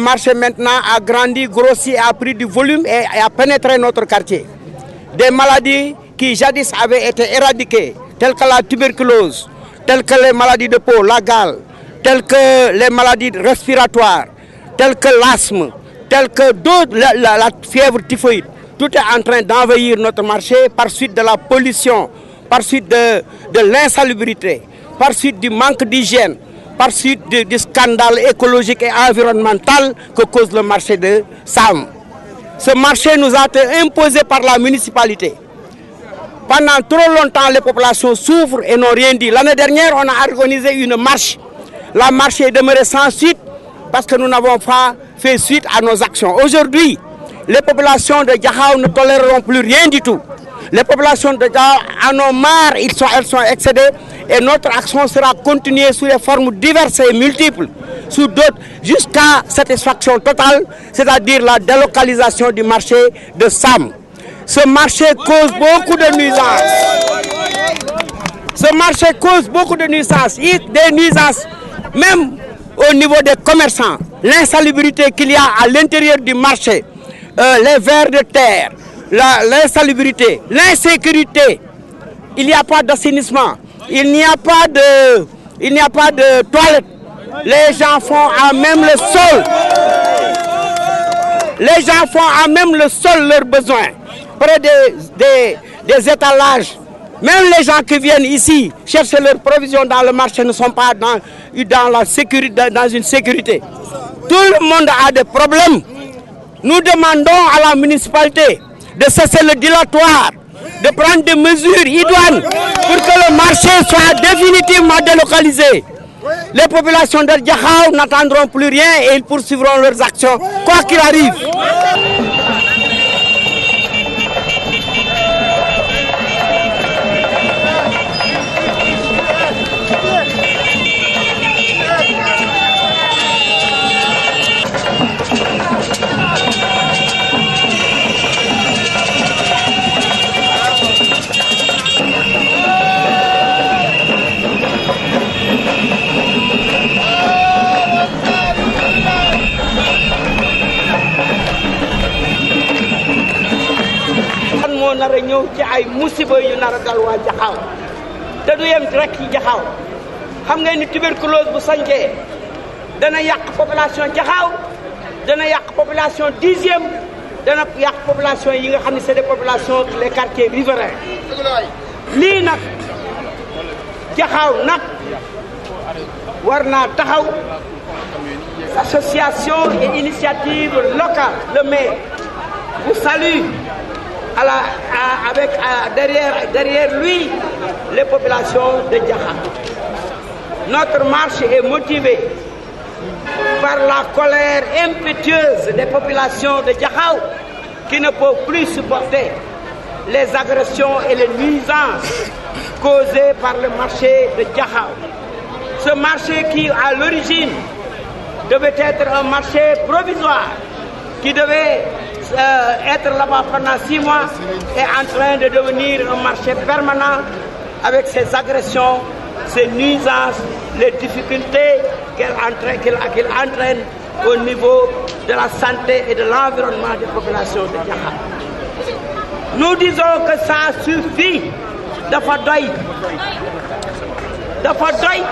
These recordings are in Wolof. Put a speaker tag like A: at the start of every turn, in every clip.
A: marché maintenant a grandi, grossi, a pris du volume et a pénétré notre quartier. Des maladies qui jadis avaient été éradiquées, telles que la tuberculose, telles que les maladies de peau, la galle telles que les maladies respiratoires, telles que l'asthme, telles que d'autres, la, la, la fièvre typhoïde. Tout est en train d'envahir notre marché par suite de la pollution, par suite de, de l'insalubrité, par suite du manque d'hygiène. par suite du, du scandale écologique et environnemental que cause le marché de Sam. Ce marché nous a été imposé par la municipalité. Pendant trop longtemps, les populations souffrent et n'ont rien dit. L'année dernière, on a organisé une marche. La marche est demeurée sans suite parce que nous n'avons pas fait suite à nos actions. Aujourd'hui, les populations de Diakhao ne toléreront plus rien du tout. Les populations déjà en ont marre, ils sont, elles sont excédées et notre action sera continuée sous les formes diverses et multiples, sous d'autres, jusqu'à satisfaction totale, c'est-à-dire la délocalisation du marché de Sam. Ce marché cause beaucoup de nuisances. Ce marché cause beaucoup de nuisances, des nuisances même au niveau des commerçants, l'insalubrité qu'il y a à l'intérieur du marché, euh, les vers de terre, l'insalubrité, l'insécurité. Il n'y a pas d'assainissement, il n'y a pas de, il n'y a pas de toilette. Les gens font à même le sol. Les gens font à même le sol leurs besoins. Près des, des, des étalages. Même les gens qui viennent ici chercher leurs provisions dans le marché ne sont pas dans, dans, la sécurité, dans une sécurité. Tout le monde a des problèmes. Nous demandons à la municipalité de cesser le dilatoire, de prendre des mesures idoines pour que le marché soit définitivement délocalisé. Les populations de n'attendront plus rien et ils poursuivront leurs actions, quoi qu'il arrive. ay musiba yu nar a dal waa jaxaaw te du yem rek ci xam ngeen ni tuberculose bu sañjee dana yàq population jaxaaw dana yàq population dixième dana yàq population yi nga xam ne c'est des populations les quartiers riverains lii nag jaxaaw nag war naa taxaw association et initiative locale le maire vous salue à avec derrière, lui les populations de Djaha. Notre marche est motivée par la colère impétueuse des populations de Djahaou qui ne peuvent plus supporter les agressions et les nuisances causées par le marché de Djahaou. Ce marché qui, à l'origine, devait être un marché provisoire qui devait euh, être là-bas pendant six mois de devenir un marché permanent avec ses agressions, ses nuisances, les difficultés qu'il entraîne, au niveau de la santé et de l'environnement des populations de Dakar. Nous disons que ça suffit dafa doy dafa doy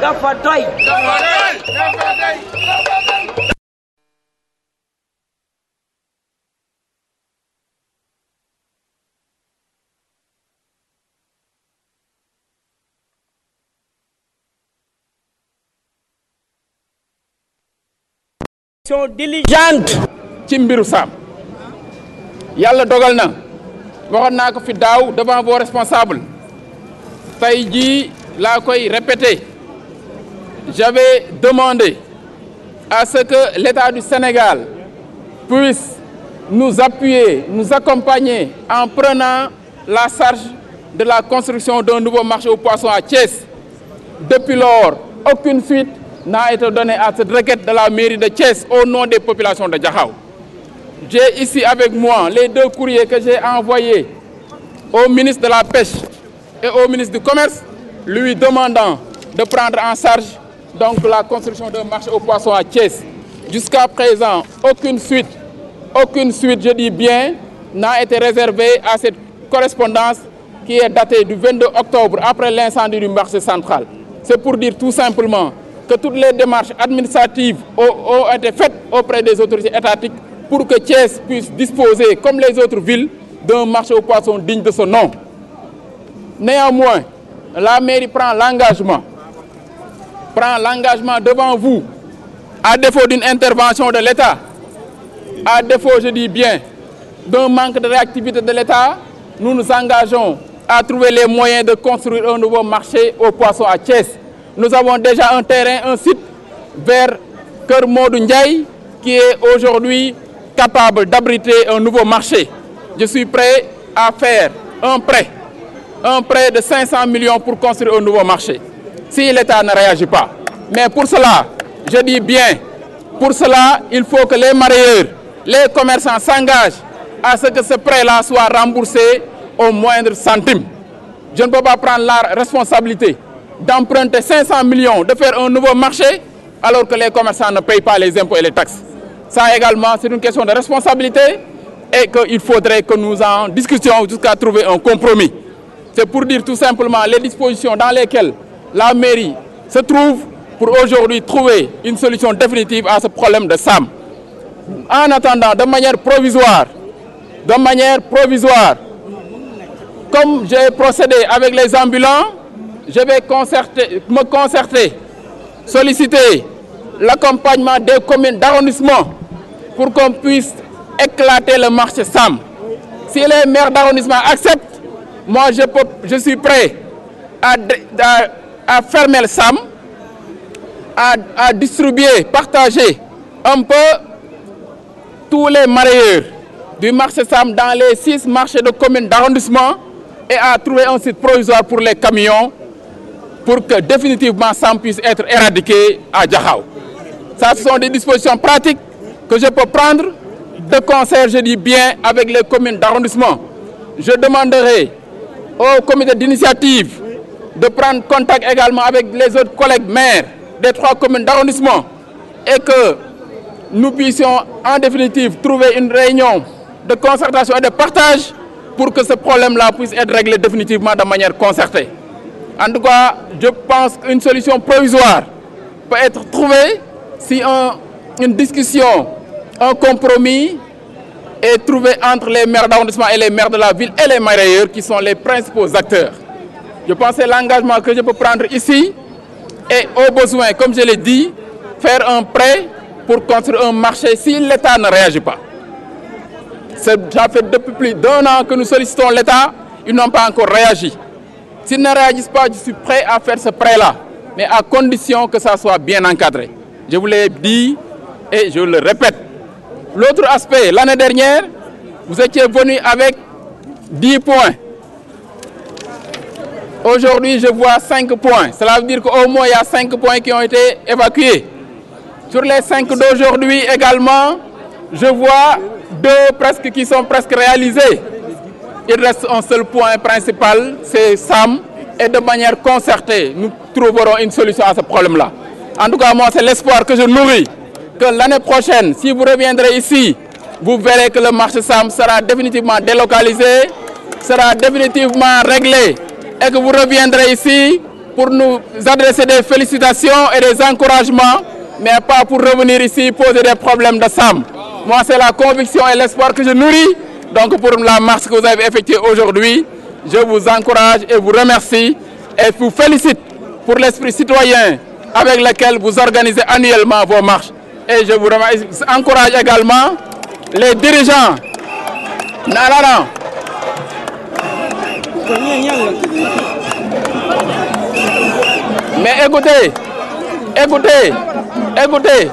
A: dafa doy dafa doy
B: sont diligentes ci mbiru saam dogal na waxoon naa ko fi daaw devant vos responsables tey jii laa koy répété j'avais demandé à ce que l'État du Sénégal puisse nous appuyer, nous accompagner en prenant la charge de la construction d'un nouveau marché aux poissons à Thiès. Depuis lors, aucune suite n'a été donné à cette requête de la mairie de Thiès au nom des populations de Diakhao. J'ai ici avec moi les deux courriers que j'ai envoyés au ministre de la Pêche et au ministre du Commerce, lui demandant de prendre en charge donc la construction d'un marché aux poissons à Thiès. Jusqu'à présent, aucune suite, aucune suite, je bien, n'a été réservée à cette correspondance qui est datée du 22 octobre après l'incendie du marché central. C'est pour dire tout simplement que toutes les démarches administratives ont, ont, été faites auprès des autorités étatiques pour que Thiès puisse disposer, comme les autres villes, d'un marché aux poissons digne de ce nom. Néanmoins, la mairie prend l'engagement, prend l'engagement devant vous, à défaut d'une intervention de l'État, à défaut, je dis bien, d'un manque de réactivité de l'État, nous nous engageons à trouver les moyens de construire un nouveau marché aux poissons à Thiès. nous avons déjà un terrain, un site vers Kermodou Ndiaye qui est aujourd'hui capable d'abriter un nouveau marché. Je suis prêt à faire un prêt, un prêt de 500 millions pour construire un nouveau marché, si l'État ne réagit pas. Mais pour cela, je dis bien, pour cela, il faut que les marieurs, les commerçants s'engagent à ce que ce prêt-là soit remboursé au moindre centime. Je ne peux pas prendre la responsabilité d'emprunter 500 millions, de faire un nouveau marché, alors que les commerçants ne payent pas les impôts et les taxes. Ça également, c'est une question de responsabilité et qu'il faudrait que nous en discutions jusqu'à trouver un compromis. C'est pour dire tout simplement les dispositions dans lesquelles la mairie se trouve pour aujourd'hui trouver une solution définitive à ce problème de SAM. En attendant, de manière provisoire, de manière provisoire, comme j'ai procédé avec les ambulants, je vais concerter, me concerter, solliciter l'accompagnement des communes d'arrondissement pour qu'on puisse éclater le marché SAM. Si les maires d'arrondissement acceptent, moi je, peux, je suis prêt à, à, à fermer le SAM, à, à, distribuer, partager un peu tous les marailleurs du marché SAM dans les six marchés de communes d'arrondissement et à trouver un site provisoire pour les camions pour que définitivement Sam puisse être éradiqué à Diakhao. Ça, ce sont des dispositions pratiques que je peux prendre de concert, je dis bien, avec les communes d'arrondissement. Je demanderai au comité d'initiative de prendre contact également avec les autres collègues maires des trois communes d'arrondissement et que nous puissions en définitive trouver une réunion de concertation et de partage pour que ce problème-là puisse être réglé définitivement de manière concertée. En tout cas, je pense qu'une solution provisoire peut être trouvée si un, une discussion, un compromis est trouvé entre les maires d'arrondissement et les maires de la ville et les marailleurs qui sont les principaux acteurs. Je pense que l'engagement que je peux prendre ici et au besoin, comme je l'ai dit, faire un prêt pour construire un marché si l'État ne réagit pas. Ça fait depuis plus d'un an que nous sollicitons l'État, ils n'ont pas encore réagi. S'ils ne réagissent pas, je suis prêt à faire ce prêt-là, mais à condition que ça soit bien encadré. Je vous l'ai dit et je le répète. L'autre aspect, l'année dernière, vous étiez venu avec 10 points. Aujourd'hui, je vois 5 points. Cela veut dire qu'au moins, il y a 5 points qui ont été évacués. Sur les 5 d'aujourd'hui également, je vois deux presque qui sont presque réalisés. Il reste un seul point principal, c'est SAM. Et de manière concertée, nous trouverons une solution à ce problème-là. En tout cas, moi, c'est l'espoir que je nourris que l'année prochaine, si vous reviendrez ici, vous verrez que le marché SAM sera définitivement délocalisé, sera définitivement réglé et que vous reviendrez ici pour nous adresser des félicitations et des encouragements, mais pas pour revenir ici poser des problèmes de SAM. Moi, c'est la conviction Donc pour la marche que vous avez effectuée aujourd'hui, je vous encourage et vous remercie et vous félicite pour l'esprit citoyen avec lequel vous organisez annuellement vos marches. Et je vous remercie, encourage également les dirigeants. Non, Mais écoutez, écoutez, écoutez,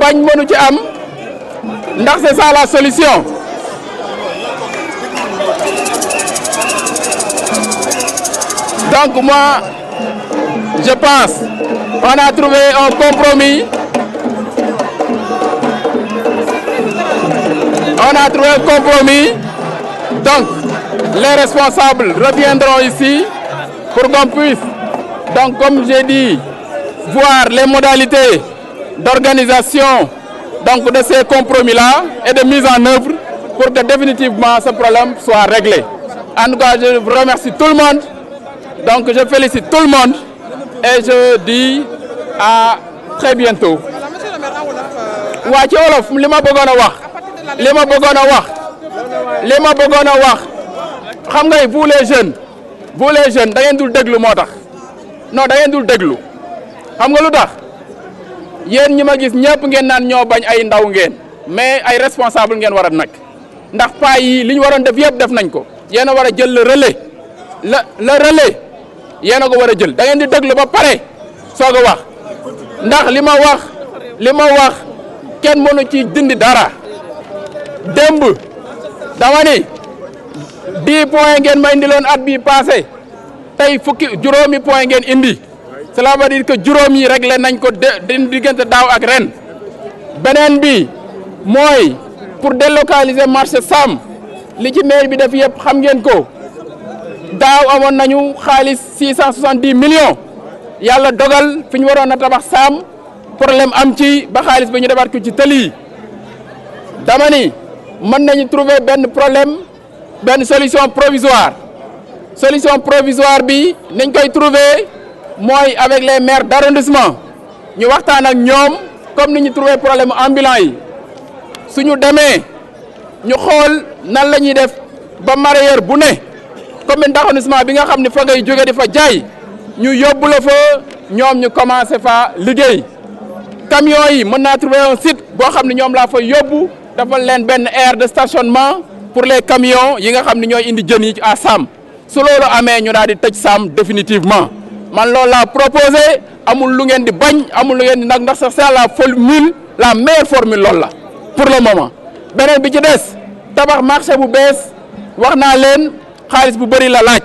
B: Bagn Am, c'est ça la solution. Donc moi, je pense on a trouvé un compromis. On a trouvé un compromis. Donc, les responsables reviendront ici pour qu'on puisse, donc comme j'ai dit, voir les modalités d'organisation donc de ces compromis-là et de mise en œuvre pour que définitivement ce problème soit réglé. En tout je remercie tout le monde. Donc je félicite tout le monde et je dis à très bientôt. waa ci wolof li ma bëggoon a wax li ma bëggoon a wax li ma bëggoon wax xam ngay vous les jeunes vous les jeunes da ngeen dul déglu moo tax no da ngeen dul déglu xam nga lu tax yéen ñi ma gis ñëpp ngeen naan ñoo bañ ay ndaw ngeen mais ay responsable ngeen war a nag ndax paa yi li ñu waroon def yëpp def nañ ko yéen a war a jël le relais le le yéen a ko war a jël da ngeen di déglu ba pare soog a wax ndax lima ma wax li ma wax kenn mënu ci dindi dara démb dama ni dix ngeen ma indi indiloon at bi passé tey fukki juróomi point ngeen indi cela veut dire que juróom yi réglé nañ ko diggante daaw ak ren beneen bi mooy pour délocaliser marché Sam li ci maire bi def yëpp xam ngeen ko daaw amoon nañu xaalis six cent soixante-dix millions yàlla dogal fi ñu waroon a tabax saam problème am ci ba xaalis bi ñu defaat ko ci tëli yi dama ni mën nañu trouver benn problème benn solution provisoire solution provisoire bi nañ koy trouver mooy avec les maires d'arrondissement ñu waxtaan ak ñoom comme ni ñu trouver problème ambulant yi suñu demee ñu xool nan la ñuy def ba mareyeur bu ne commune d'arrondissement bi nga xam ne fa ngay di fa jaay ñu yóbbu la fa ñoom ñu commencé fa liggéey camions yi mën naa trouver un site boo xam ne ñoom laa fa yóbbu dafa leen benn aire de stationnement pour les camions yi nga xam ne ñooy indi jën yi à Sam su loolu amee ñu daal di tëj Sam définitivement man loolu laa proposé amul lu ngeen di bañ amul lu ngeen di nag ndax sax c'est la formule la meilleure formule loolu la pour le moment beneen bi ci des tabax marché bu bees wax naa xaalis bu bëri la laaj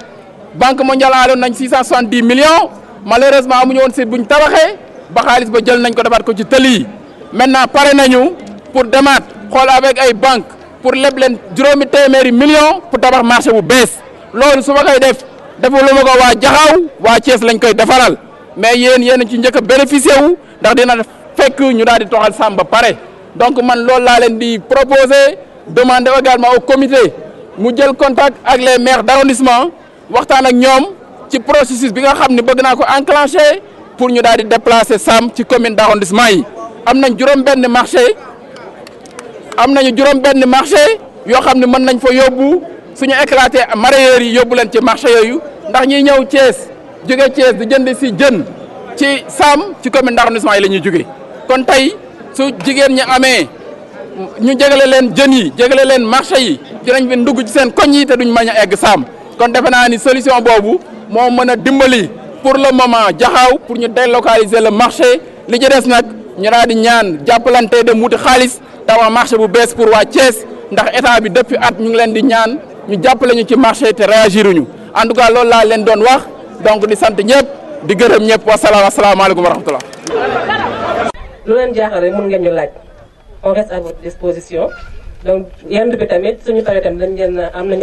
B: banque mondiale aaloon nañ 670 millions malheureusement amuñu woon site bu ñu tabaxee ba xaalis ba jël nañ ko defaat ko ci tëli yi maintenant pare nañu pour demaat xool avec ay banque pour leb leen juróomi téeméeri million pour tabax marché bu bees loolu su ma koy def defaluma ko waa Jaxaaw waa cees lañ koy defaral mais yéen yéen ci njëkk a bénéficier wu ndax dina fekk ñu daal di toxal sàmm pare donc man loolu laa leen di proposer demander également au comité. mu jël contact ak les maires d' waxtaan ak ñoom ci processus bi nga xam ne bëgg naa ko enclencher pour ñu daal di déplacer Sam ci commune d' arrondissement yi. am nañ juróom-benn marché am nañu juróom-benn marché yoo xam ne mën nañ fa yóbbu suñu éclaté mareyeurs yi yóbbu leen ci marché yooyu ndax ñiy ñëw Thiès jóge Thiès di jënd si jën ci Sam ci commune d' arrondissement yi la ñuy jóge kon tey su jigéen ñi amee ñu jégale leen jën yi jégale leen marché yi. dinañ bi dugg ci seen koñ yi te duñ mañ a egg saam kon defe naa ni solution boobu moo mën a dimbali pour le moment jaxaaw pour ñu délocaliser la marché li ci des nag ñu daal di ñaan jàppalante dem wuti xaalis tawa marché bu bees pour waa Thiès ndax état bi depuis at ñu ngi leen di ñaan ñu jàppale ñu ci marché te réagiruñu en tout cas loolu laa leen doon wax donc di sant ñëpp di gërëm ñëpp wasalaam asalaamaaleykum wa rahmatullah lu leen jaaxal rek mën ngeen ñu donc yenn bi tamit suñu paree tamit dañ
A: leen am nañu